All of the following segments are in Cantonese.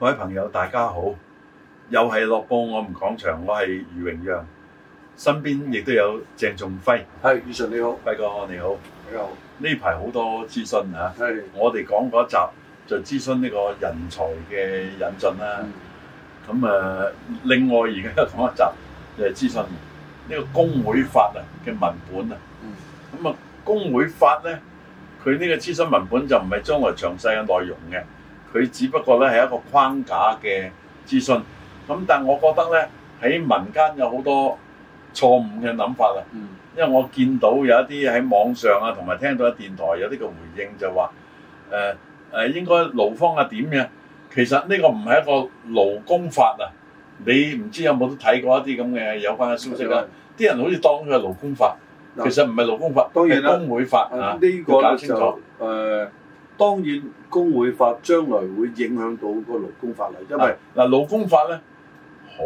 各位朋友，大家好！又係樂報，我哋講場，我係余榮陽，身邊亦都有鄭仲輝。係，余馴你好，輝哥你好，你好。呢排好，好多諮詢啊，的我哋講嗰一集就諮詢呢個人才嘅引進啦。咁誒，另外而家講一集就係諮詢呢個工會法啊嘅文本啊。咁啊、嗯，工會法咧，佢呢個諮詢文本就唔係將來詳細嘅內容嘅。佢只不過咧係一個框架嘅資訊，咁但係我覺得咧喺民間有好多錯誤嘅諗法啊，嗯、因為我見到有一啲喺網上啊，同埋聽到喺電台有啲嘅回應就話，誒、呃、誒應該勞方啊點嘅，其實呢個唔係一個勞工法啊，你唔知有冇睇過一啲咁嘅有關嘅消息咧？啲、嗯、人好似當佢係勞工法，嗯、其實唔係勞工法，係工會法啊。呢、嗯呢個就搞清楚誒。當然工會法將來會影響到個勞工法例，因為嗱勞工法咧好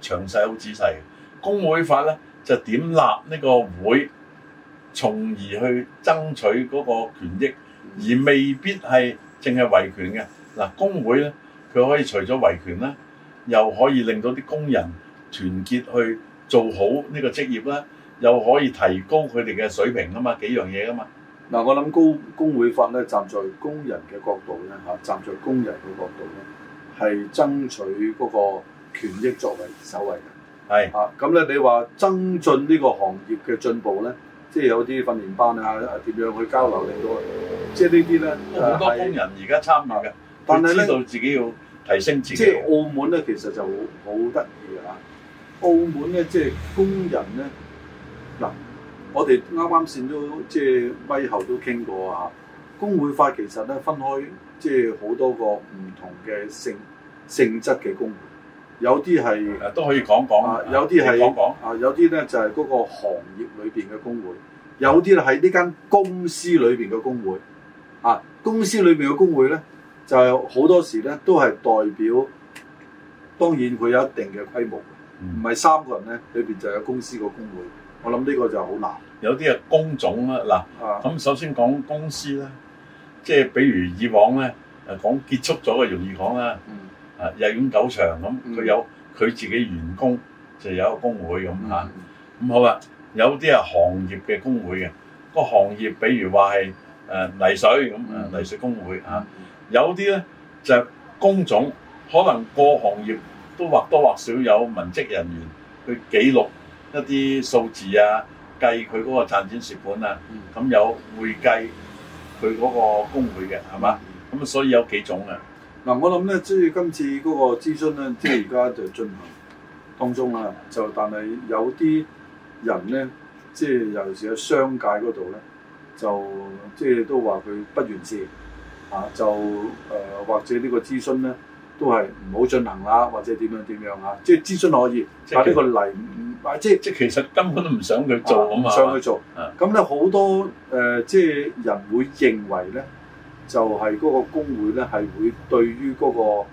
詳細好仔細嘅，工會法咧就點立呢個會，從而去爭取嗰個權益，而未必係淨係維權嘅。嗱工會咧，佢可以除咗維權啦，又可以令到啲工人團結去做好呢個職業啦，又可以提高佢哋嘅水平啊嘛，幾樣嘢啊嘛。嗱，我諗工工會法咧，站在工人嘅角度咧，吓，站在工人嘅角度咧，係爭取嗰個權益作為首位嘅。係啊，咁咧是你話增進呢個行業嘅進步咧，即係有啲訓練班啊，點樣去交流，你都，即係呢啲咧好多工人而家參與嘅。但係呢度自己要提升自己。即係澳門咧，其實就好好得意嚇。澳門咧，即係工人咧，嗱。我哋啱啱先都即係咪後都傾過啊。工會法其實咧分開，即係好多個唔同嘅性性質嘅工會，有啲係誒都可以講講啊，有啲係講講啊，有啲咧就係、是、嗰個行業裏邊嘅工會，有啲咧喺呢間公司裏邊嘅工會啊，公司裏邊嘅工會咧就係好多時咧都係代表，當然佢有一定嘅規模，唔係、嗯、三個人咧裏邊就有公司個工會。我諗呢個就好難，有啲係工種啦，嗱，咁首先講公司咧，即係比如以往咧，講結束咗嘅容易講啦，啊、嗯、日漚酒場咁，佢有佢自己員工，就有一個工會咁咁、嗯、好啦，有啲係行業嘅工會嘅，個行業比如話係誒泥水咁啊泥水工會吓，有啲咧就係工種，可能個行業都或多或少有文職人員去記錄。一啲數字啊，計佢嗰個賺錢蝕本啊，咁、嗯、有會計佢嗰個工會嘅係嘛？咁、嗯、所以有幾種啊？嗱、嗯，我諗咧，即係今次嗰個諮詢咧、 啊，即係而家就進行當中啦。就但係有啲人咧，即係尤其是喺商界嗰度咧，就即係都話佢不完善啊，就誒、呃、或者呢個諮詢咧都係唔好進行啦，或者點樣點樣啊？即係諮詢可以，嗯、但係呢個例。嗱，即即其實根本都唔想佢做咁啊，唔想佢做。咁咧好多誒、呃，即人會認為咧，就係、是、嗰個工會咧，係會對於嗰、那個誒、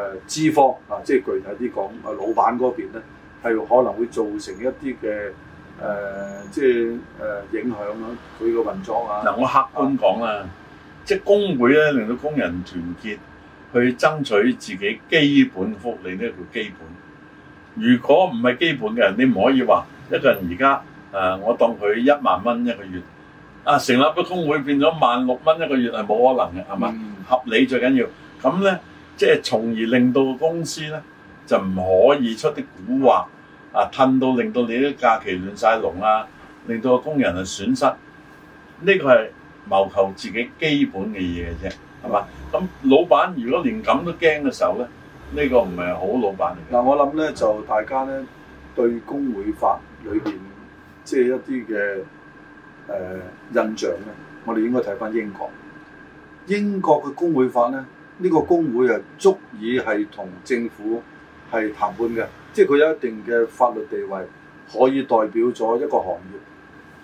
呃、資方啊，即具體啲講，誒老闆嗰邊咧，係可能會造成一啲嘅誒即誒、呃、影響咯，佢個運作啊。嗱，我客觀講啊，吧即工會咧令到工人團結，去爭取自己基本福利呢，個基本。如果唔係基本嘅人，你唔可以話一個人而家，誒、呃，我當佢一萬蚊一個月，啊，成立個工會變咗萬六蚊一個月係冇可能嘅，係嘛？嗯、合理最緊要，咁呢，即係從而令到公司呢就唔可以出啲蠱惑，啊，褪到令到你啲假期亂晒龍啦，令到個工人啊損失，呢、呢個係謀求自己基本嘅嘢啫，係嘛？咁、嗯、老闆如果連咁都驚嘅時候呢。呢個唔係好老闆嚟。嗱，我諗咧就大家咧對工會法裏邊即係一啲嘅誒印象咧，我哋應該睇翻英國。英國嘅工會法咧，呢個工會啊足以係同政府係談判嘅，即係佢有一定嘅法律地位，可以代表咗一個行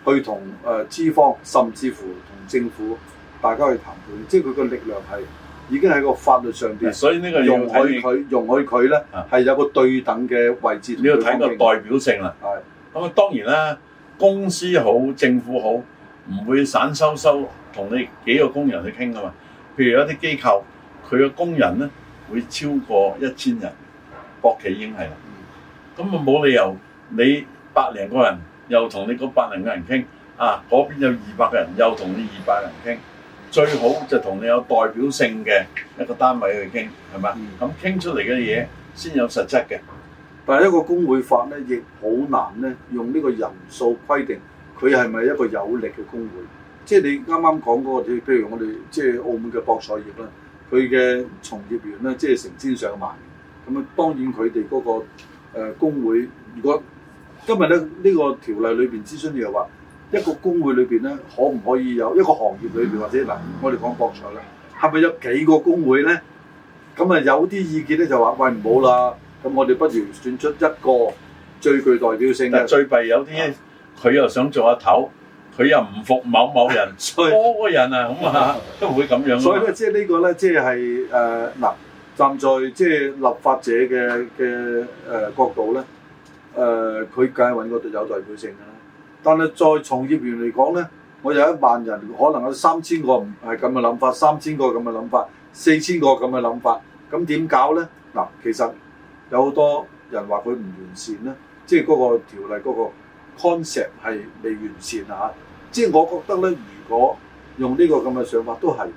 業去同誒資方甚至乎同政府大家去談判，即係佢個力量係，已經喺個法律上邊，所以呢個容許佢容許佢咧係有個對等嘅位置。你要睇個代表性啦。咁啊是，當然啦，公司好，政府好，唔會散收收同你幾個工人去傾噶嘛。譬如一啲機構，佢嘅工人咧會超過一千人，博企已經係啦。咁啊，冇理由你百零個人又同你嗰百零個人傾，啊嗰邊有二百人又同你二百人傾。最好就同你有代表性嘅一個單位去傾，係咪？咁傾、嗯、出嚟嘅嘢先有實質嘅。但係一個工會法咧，亦好難咧，用呢個人數規定佢係咪一個有力嘅工會，即係你啱啱講嗰個，譬如我哋即係澳門嘅博彩業啦，佢嘅從業員咧，即係成千上萬，咁啊，當然佢哋嗰個誒工會，如果今日咧呢個條例裏邊諮詢嘅話。一個工會裏面咧，可唔可以有一個行業裏面？嗯、或者嗱，我哋講博彩咧，係咪有幾個工會咧？咁啊，有啲意見咧就話：喂，唔好啦，咁我哋不如選出一個最具代表性嘅。最弊有啲佢、啊、又想做下頭，佢又唔服某某人吹。 所以多人啊，咁啊， 都唔會咁樣。所以咧，即呢、這個咧，即係嗱、呃，站在即係立法者嘅嘅、呃、角度咧，誒佢梗係揾度有代表性但係再從業員嚟講呢，我有一萬人，可能有三千個唔係咁嘅諗法，三千個咁嘅諗法，四千個咁嘅諗法，咁點搞呢？嗱，其實有好多人話佢唔完善呢，即係嗰個條例嗰個 concept 係未完善啊，即係我覺得呢，如果用呢個咁嘅想法都係嘅，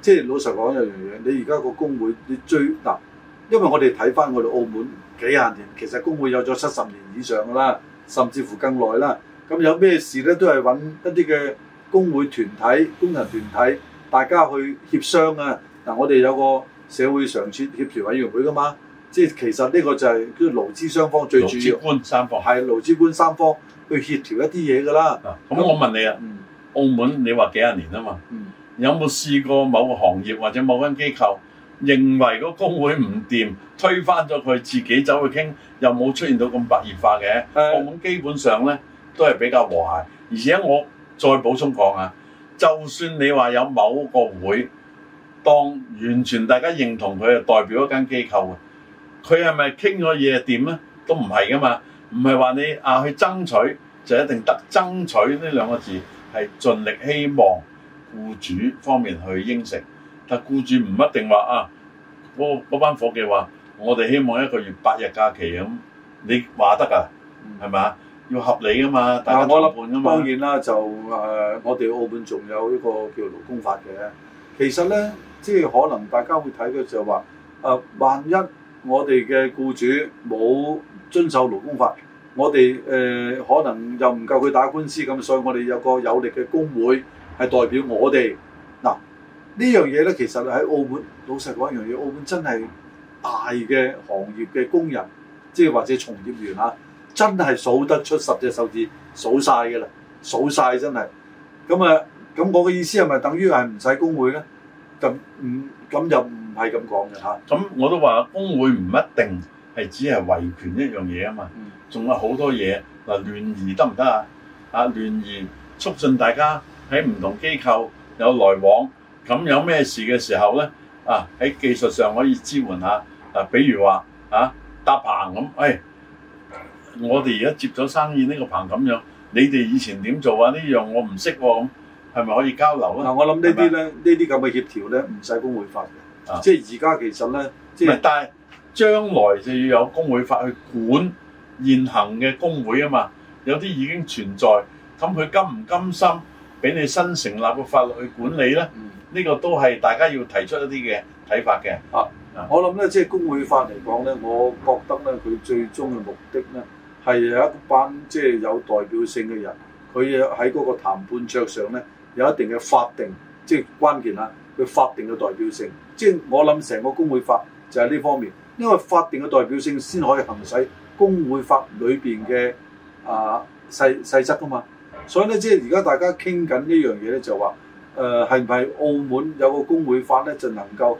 即係老實講一樣嘢。你而家個工會，你最嗱，因為我哋睇翻我哋澳門幾廿年，其實工會有咗七十年以上㗎啦，甚至乎更耐啦。咁有咩事咧，都係揾一啲嘅工會團體、工人團體，大家去協商啊！嗱、啊，我哋有個社會常設協調委員會噶嘛，即係其實呢個就係啲勞資雙方最主要，係勞,勞資官三方去協調一啲嘢噶啦。咁、啊、我問你啊，那澳門你話幾廿年啊嘛，嗯、有冇試過某個行業或者某間機構認為個工會唔掂，推翻咗佢自己走去傾，又冇出現到咁白熱化嘅？是澳門基本上咧。都係比較和諧，而且我再補充講啊，就算你話有某個會當完全大家認同佢，代表一間機構啊，佢係咪傾咗嘢點咧？都唔係噶嘛，唔係話你啊去爭取就一定得，爭取呢兩個字係盡力希望僱主方面去應承，但僱主唔一定話啊，嗰班伙計話我哋希望一個月八日假期咁，你話得啊？係咪啊？要合理啊嘛，大家共賬啊嘛，當然啦，就誒、呃，我哋澳門仲有一個叫勞工法嘅。其實咧，即係可能大家去睇嘅就係話，誒、呃，萬一我哋嘅雇主冇遵守勞工法，我哋誒、呃、可能又唔夠佢打官司咁，所以我哋有一個有力嘅工會係代表我哋。嗱，這件事呢樣嘢咧，其實喺澳門老實講，一樣嘢，澳門真係大嘅行業嘅工人，即係或者從業員啊。真係數得出十隻手指，數晒㗎啦，數晒真係。咁啊，咁我嘅意思係咪等於係唔使工會咧？咁唔咁又唔係咁講嘅。嚇，咁我都話工會唔一定係只係維權一樣嘢啊嘛，仲、嗯、有好多嘢。嗱，聯誼得唔得啊？啊，聯誼促進大家喺唔同機構有來往，咁有咩事嘅時候咧，啊喺技術上可以支援下。嗱、啊，比如話啊搭棚咁，誒、哎。我哋而家接咗生意呢個棚咁樣，你哋以前點做啊？呢樣我唔識喎，係咪可以交流啊？我諗呢啲咧，呢啲咁嘅協調咧，唔使工會法嘅、啊，即係而家其實咧，即係但係將來就要有工會法去管現行嘅工會啊嘛，有啲已經存在，咁佢甘唔甘心俾你新成立嘅法律去管理咧？呢、嗯、個都係大家要提出一啲嘅睇法嘅。啊啊、我諗咧，即係工會法嚟講咧，我覺得咧，佢最終嘅目的咧。係有一班即係有代表性嘅人，佢喺嗰個談判桌上呢，有一定嘅法定，即係關鍵啦。佢法定嘅代表性，即係我諗成個工會法就係呢方面，因為法定嘅代表性先可以行使工會法裏邊嘅啊細細則噶嘛。所以呢，即係而家大家傾緊呢樣嘢呢，就話誒係唔係澳門有個工會法呢，就能夠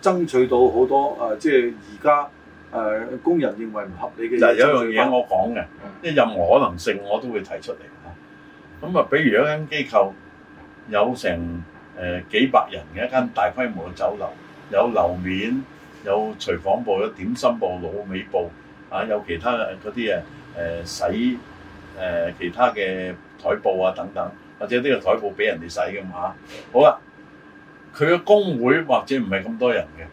爭取到好多啊，即係而家。誒、呃、工人認為唔合理嘅，就係有樣嘢我講嘅，即係、嗯、任何可能性我都會提出嚟嚇。咁啊，比如一間機構有成誒、呃、幾百人嘅一間大規模嘅酒樓，有樓面，有廚房部，有點心部、老尾部，嚇、啊，有其他嗰啲啊誒洗誒、呃、其他嘅台布啊等等，或者呢個台布俾人哋洗嘅嘛，好啊，佢嘅工會或者唔係咁多人嘅，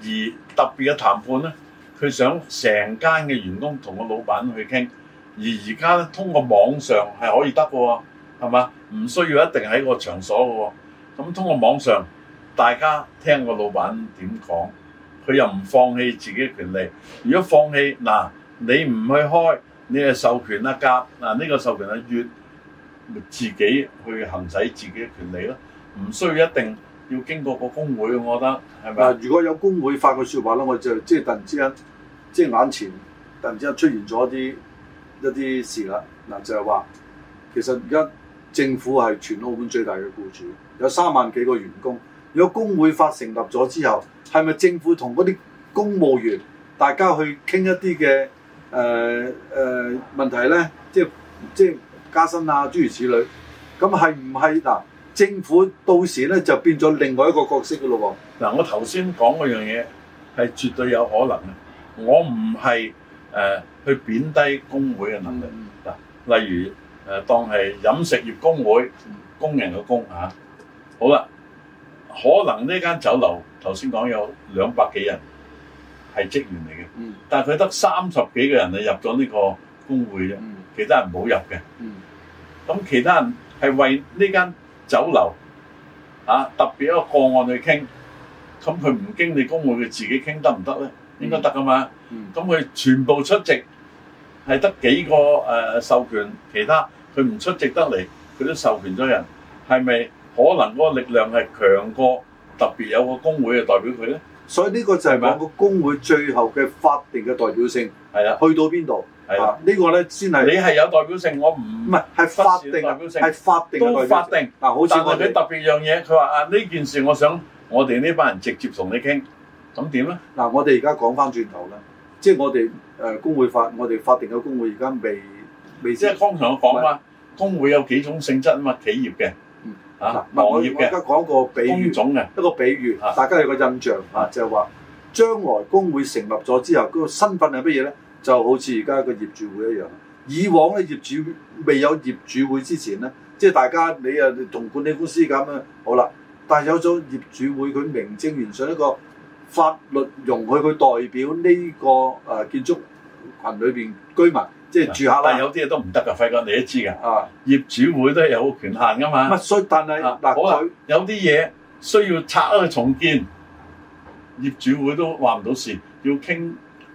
而特別嘅談判咧。佢想成間嘅員工同個老闆去傾，而而家通過網上係可以得嘅喎，係嘛？唔需要一定喺個場所嘅喎。咁通過網上，大家聽個老闆點講，佢又唔放棄自己嘅權利。如果放棄嗱，你唔去開，你係授權一甲，嗱，呢個授權啊乙，自己去行使自己嘅權利咯，唔需要一定。要經過個工會，我覺得係咪？嗱，如果有工會發個説話咧，我就即係突然之間，即係眼前突然之間出現咗一啲一啲事啦。嗱，就係話其實而家政府係全澳門最大嘅僱主，有三萬幾個員工。如果工會法成立咗之後，係咪政府同嗰啲公務員大家去傾一啲嘅誒誒問題咧？即係即係加薪啊，諸如此類。咁係唔係嗱？政府到時咧就變咗另外一個角色嘅咯喎。嗱，我頭先講嗰樣嘢係絕對有可能嘅。我唔係誒去貶低工會嘅能力。嗱，例如誒、呃、當係飲食業工會工人嘅工嚇、啊。好啦，可能呢間酒樓頭先講有兩百幾人係職員嚟嘅，嗯、但係佢得三十幾個人係入咗呢個工會嘅，嗯、其他人冇入嘅。咁、嗯、其他人係為呢間。酒樓啊，特別一個個案去傾，咁佢唔經你工會佢自己傾得唔得咧？應該得噶嘛。咁佢全部出席係得幾個誒授權，其他佢唔出席得嚟，佢都授權咗人，係咪可能嗰個力量係強過特別有個工會嘅代表佢咧？所以呢個就係咪個工會最後嘅法定嘅代表性係啊？去到邊度？係，呢、啊呢個咧先係你係有代表性。我唔唔係係法定代表性，代表性都法定。法定。嗱，好似我哋特別樣嘢，佢話啊呢件事我想，我哋呢班人直接同你傾，咁點咧？嗱、啊，我哋而家講翻轉頭啦，即係我哋誒、呃、工會法，我哋法定嘅工會而家未未即係通常我講啊，工會有幾種性質啊嘛，企業嘅，嚇、啊、行、啊啊、業嘅，而家講工種嘅一個比喻，大家有個印象嚇，啊、就係話將來工會成立咗之後，嗰個身份係乜嘢咧？就好似而家個業主會一樣，以往咧業主未有業主會之前咧，即係大家你啊你同管理公司咁啊，好啦。但係有咗業主會，佢名正言順一個法律容許佢代表呢、呢個誒、呃、建築群裏邊居民即係、即係、住客。但有啲嘢都唔得噶，費過你都知㗎。啊、業主會都有權限㗎嘛。乜衰？但係嗱，有啲嘢需要拆啊重建，業主會都話唔到事，要傾。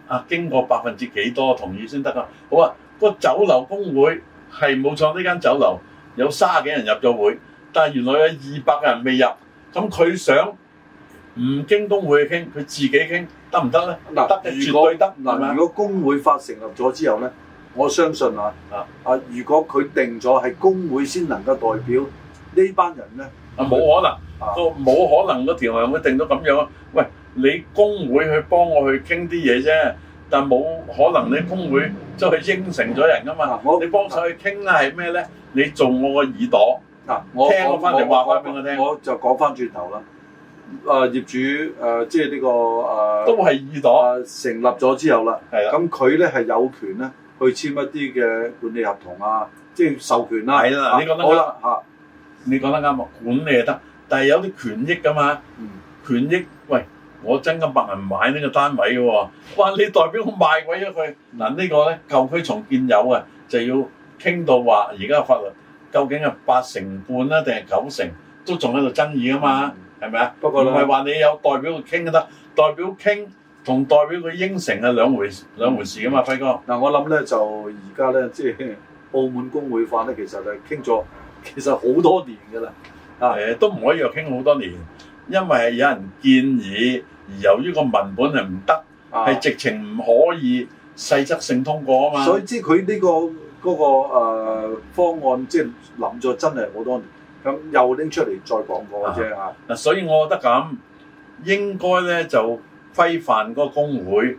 啊！經過百分之幾多同意先得啊。好啊，個酒樓工會係冇錯，呢間酒樓有卅幾人入咗會，但原來有二百人未入。咁佢想唔經工會傾，佢自己傾得唔得咧？嗱，得嘅果絕對得。嗱果，吧如果工會法成立咗之後咧，我相信啊啊啊！如果佢定咗係工會先能夠代表、嗯、呢班人咧，啊冇可能，個冇、啊、可能個條文會定到咁樣啊！喂。你工會去幫我去傾啲嘢啫，但冇可能你工會就去應承咗人噶嘛？你幫手去傾係咩咧？你做我個耳朵嗱，我聽我翻嚟話翻俾我聽，我就講翻轉頭啦。誒業主誒即係呢個誒都係耳朵成立咗之後啦，咁佢咧係有權咧去簽一啲嘅管理合同啊，即係授權啦。係啦，你講得好啦嚇，你講得啱啊，管理就得，但係有啲權益噶嘛，權益。我真金白銀買呢個單位嘅喎，話你代表我賣鬼咗佢嗱呢個咧舊區重建有嘅，就要傾到話而家法律究竟係八成半咧定係九成，都仲喺度爭議啊嘛，係咪啊？吧不過咧，唔係話你有代表去傾得，代表傾同代表佢應承嘅兩,兩回事兩回事啊嘛，嗯、輝哥。嗱我諗咧就而家咧即係澳門工會法咧，其實就係傾咗其實好多年嘅啦，誒、啊呃、都唔可以話傾好多年。因為係有人建議，而由於個文本係唔得，係、啊、直情唔可以細則性通過啊嘛。所以知佢呢、呢個嗰、嗰個、呃、方案，即係諗咗真係好多年，咁又拎出嚟再講過啫嚇。嗱、啊，啊、所以我覺得咁應該咧就規範嗰個工會，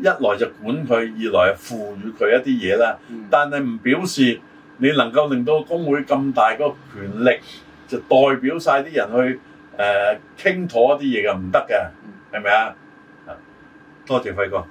一來就管佢，二來賦予佢一啲嘢啦。嗯、但係唔表示你能夠令到工會咁大個權力，就代表晒啲人去。誒傾、呃、妥啲嘢啊，唔得嘅，係咪啊？啊，多謝輝哥。